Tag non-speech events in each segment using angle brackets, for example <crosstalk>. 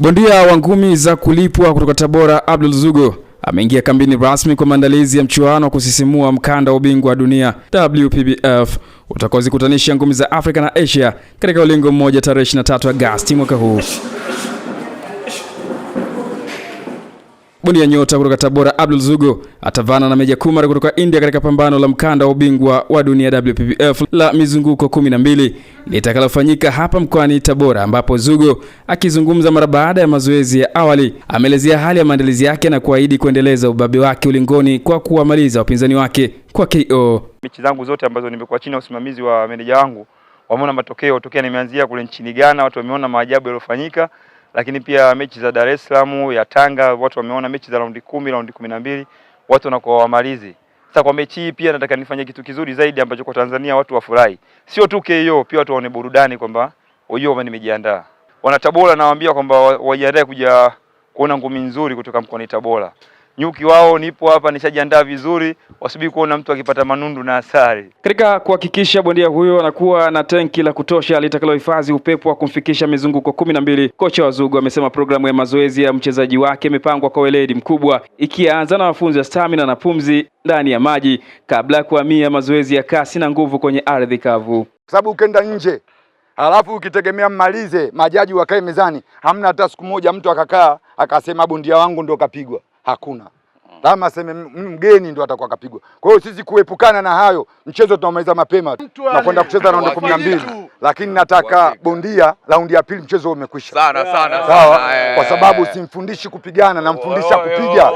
Bondia wa ngumi za kulipwa kutoka Tabora Abdul Zugo ameingia kambini rasmi kwa maandalizi ya mchuano wa kusisimua mkanda wa ubingwa wa dunia WPBF utakaozikutanisha ngumi za Afrika na Asia katika ulingo mmoja tarehe 23 Agosti mwaka huu. ya nyota kutoka Tabora Abdul Zugo atavana na Meja Kumar kutoka India katika pambano la mkanda wa ubingwa wa dunia WPBF la mizunguko 12 litakalofanyika hapa mkoani Tabora, ambapo Zugo akizungumza mara baada ya mazoezi ya awali ameelezea hali ya maandalizi yake na kuahidi kuendeleza ubabe wake ulingoni kwa kuwamaliza wapinzani wake kwa KO. Mechi zangu zote ambazo nimekuwa chini ya usimamizi wa meneja wangu wameona matokeo tokea nimeanzia kule nchini Ghana, watu wameona maajabu yaliyofanyika lakini pia mechi za Dar es Salaam ya Tanga watu wameona mechi za raundi kumi, raundi kumi na mbili watu wanakuwa wamalizi. Sasa kwa mechi hii pia nataka nifanye kitu kizuri zaidi ambacho kwa Tanzania watu wafurahi, sio tu KO, pia watu waone burudani kwamba oyo nimejiandaa. Wana Tabora nawaambia kwamba wajiandae kuja kuona ngumi nzuri kutoka mkoani Tabora nyuki wao nipo hapa, nishajiandaa vizuri, wasubiri kuona mtu akipata manundu na asari. Katika kuhakikisha bondia huyo anakuwa na tenki la kutosha litakalohifadhi upepo wa kumfikisha mizunguko kumi na mbili, kocha wa Zugu amesema programu ya mazoezi ya mchezaji wake imepangwa kwa weledi mkubwa, ikianza na mafunzo ya stamina na pumzi ndani ya maji kabla ya kuhamia mazoezi ya kasi na nguvu kwenye ardhi kavu, kwa sababu ukenda nje halafu ukitegemea mmalize majaji wakae mezani, hamna hata siku moja mtu akakaa akasema bondia wangu ndio kapigwa hakuna mm. kama seme mgeni ndo atakuwa kapigwa. Kwa hiyo sisi kuepukana na hayo, mchezo tunaomaliza mapema na kwenda kucheza raundi kumi na mbili, lakini nataka bondia raundi ya pili mchezo umekwisha. Sana, sana, sawa sana, eh. kwa sababu simfundishi kupigana, namfundisha kupiga.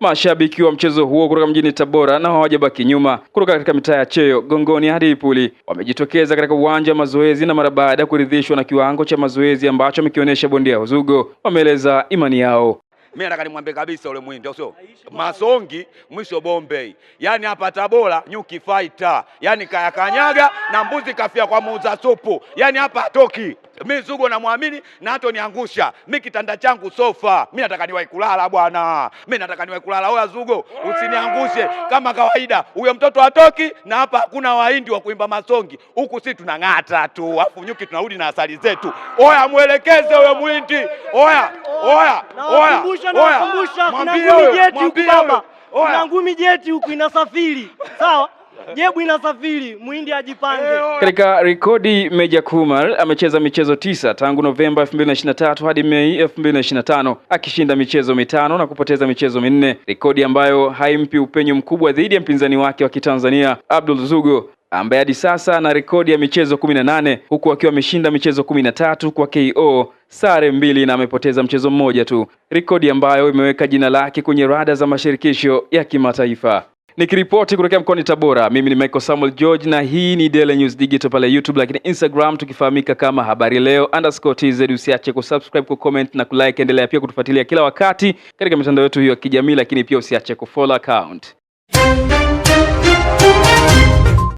Mashabiki wa mchezo huo kutoka mjini Tabora na hawajabaki nyuma. Kutoka katika mitaa ya Cheyo, Gongoni hadi Ipuli wamejitokeza katika uwanja wa mazoezi, na mara baada ya kuridhishwa na kiwango cha mazoezi ambacho amekionyesha bondia Uzugo, wameeleza imani yao. Mimi nataka nimwambie kabisa ule mwindo sio Masongi mwisho Bombay. Yaani hapa Tabora nyuki fighter, yaani kanyaga na mbuzi kafia kwa muuza supu, yaani hapa toki mi Zugu namwamini na hata niangusha mi kitanda changu sofa, mi nataka niwahi kulala bwana, mi nataka niwahi kulala. Oya Zugu, usiniangushe kama kawaida, huyo mtoto atoki na hapa hakuna wahindi wa kuimba masongi, huku si tunang'ata tu, afu nyuki tunarudi na asali zetu. Oya mwelekeze huyo mwindi, oya oya oya, mwambie, kuna ngumi jeti huku inasafiri, sawa <laughs> Jebu inasafiri, Muhindi ajipange. Eh, oh. Katika rekodi, Meja Kumar amecheza michezo tisa tangu Novemba 2023 hadi Mei 2025 akishinda michezo mitano na kupoteza michezo minne, rekodi ambayo haimpi upenyo mkubwa dhidi ya mpinzani wake wa Kitanzania Abdul Zugo ambaye hadi sasa ana rekodi ya michezo 18 huku akiwa ameshinda michezo 13 kwa KO, sare mbili na amepoteza mchezo mmoja tu, rekodi ambayo imeweka jina lake kwenye rada za mashirikisho ya kimataifa. Nikiripoti kutokea mkoani Tabora, mimi ni Michael Samuel George na hii ni Daily News Digital pale YouTube, lakini Instagram tukifahamika kama habari leo underscore tz. Usiache kusubscribe, kucomment na kulike. Endelea pia kutufuatilia kila wakati katika mitandao yetu hiyo ya kijamii, lakini pia usiache kufollow account